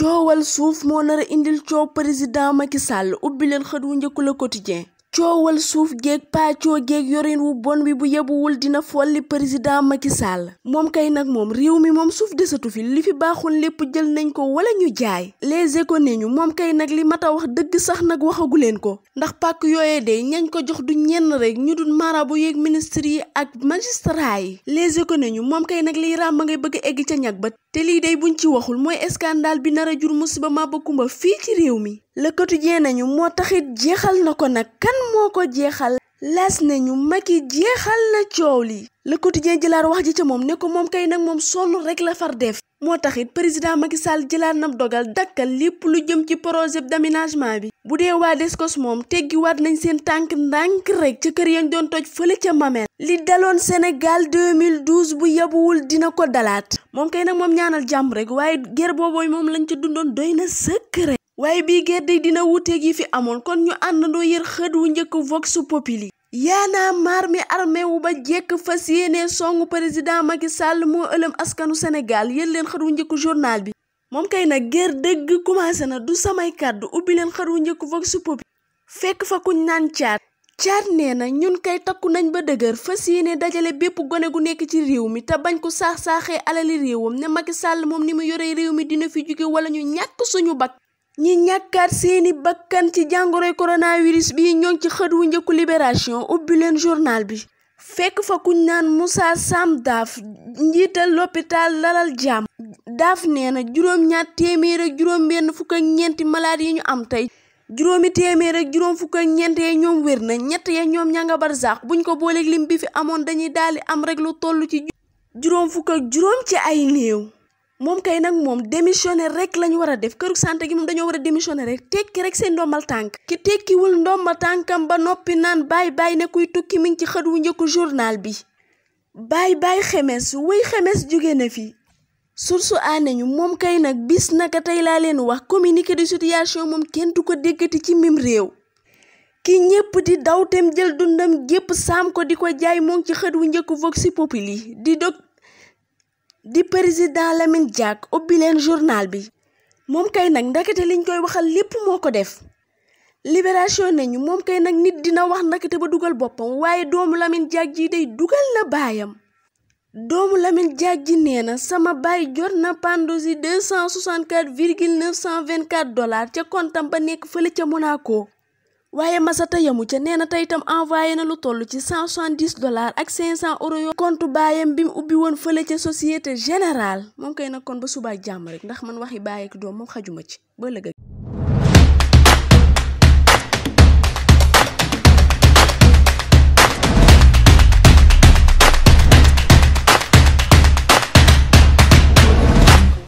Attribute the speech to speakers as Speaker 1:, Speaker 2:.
Speaker 1: coowal suuf moo nar a indil coow président Macky Sall ubbi leen xët wu njëkku la quotidien coowal suuf géeg paacoo géeg yorin wu bon wi bu yebuwul dina folli président Macky Sall moom kay nag moom réew mi moom suuf desatu fi li fi baaxul lépp jël nañ ko wala ñu jaay les éco nee ñu moom kay nag li mata wax dëgg sax nag waxagu leen ko ndax pàkk yooyee de ñañ ko jox du ñenn rek ñu dul mara bu yéeg ministre yi ak magistrat yi les éco ne ñu moom kay nag liy ràmba ngay bëgg egg ca ñag ba te lii day buñ ci waxul mooy scandale bi nar a jur musiba ba kumba fii ci réew mi lëkkatu quotidien nañu moo taxit jeexal na ko nag kan moo ko jeexal las nañu Macky jeexal na coow li le quotidien jëlaat wax ji ca moom ne ko moom kay nag moom sonn rek la far def moo taxit président Macky Sall jëlaat na dogal dakkal lépp lu jëm ci projet d'aménagement bi bu dee waa Descos moom teggiwaat nañ seen tànk ndànk rek ca kër yañ doon toj fële ca Mamel li daloon Sénégal 2012 bu yabuwul dina ko dalaat moom kay nag moom ñaanal jàmm rek waaye guerre moom lañ ca dundoon doy na sëkk waaye bii gerte dina wuuteeg yi fi amoon kon ñu àndandoo yër xët wu njëkk vox populi yaanaa maar mi armé wu ba jekk fas yéene songu président Macky Sall moo ëlëm askanu senegal yéen leen xët wu njëkk journal bi moom kay nag guerre dëgg commencé na du samay kàddu ubbi leen xët wu njëkk vox populi fekk fa kuñ naan caat caat nee na ñun kay takku nañ ba dëgër fas yéene dajale bépp gone gu nekk ci réew mi te bañ ko saax-saaxee alali réewam ne Macky Sall moom ni mu yore réew mi dina fi jóge wala ñu ñàkk suñu bakk ñi ñàkkaat seeni bakkan ci jàngoroy coronavirus bi ñoo ngi ci xët wu njëkku libération ubbi leen journal bi fekk fa kuñ naan Moussa Sam Daaf njiital l'hôpital Dalal Jàmm Daaf nee na juróom-ñaar téeméer ak juróom benn fukk ak ñeenti malade yi ñu am tey juróomi téeméer ak juróom fukk ak ñeent ya ñoom wér na ñett ya ñoom ña nga barsaax buñ ko booleeg lim bi fi amoon dañuy daali am rek lu toll ci juróom fukk juróom ci ay néew moom kay nag moom démissionné rek la ñu war a def këru santé gi moom dañoo war a démissionné rek tekki rek seen ndombal tànk ki tekkiwul ndombal tànkam ba noppi naan bàyyi bàyyi ne kuy tukki mi ngi ci xët wu njëkku journal bi bàyyi bàyyi xemes wuy xemes jóge na fi sursu aaneñu moom kay nag bis naka tey laa leen wax communiqué de situation moom kenn du ko déggati ci mim réew ki ñépp di daw dawtem jël dundam gépp saam ko di ko jaay moo ci xët wu njëkku vox populi di dog di président Lamine Diack ubbi leen journal bi moom kay nag ndakate liñ koy waxal lépp moo ko def libération nañu moom kay nag nit dina wax ndakate ba dugal boppam waaye doomu lamin Diack ji day dugal na baayam doomu Lamine Diack ji nee na sama baay jot na Pandozi 264 virgule 924 dollars ca kontam ba nekk fële ca Monaco waaye Masata yamu ca nee na tey itam envoyé na lu toll ci cent soixante-dix dollars ak cinq cent euros yoo compte baayam bi mu ubbi woon fële ca Société général moom kay nag kon ba suba ak jàmm rek ndax man waxi bàyyi ak doom moom xajuma ci ba ëllëg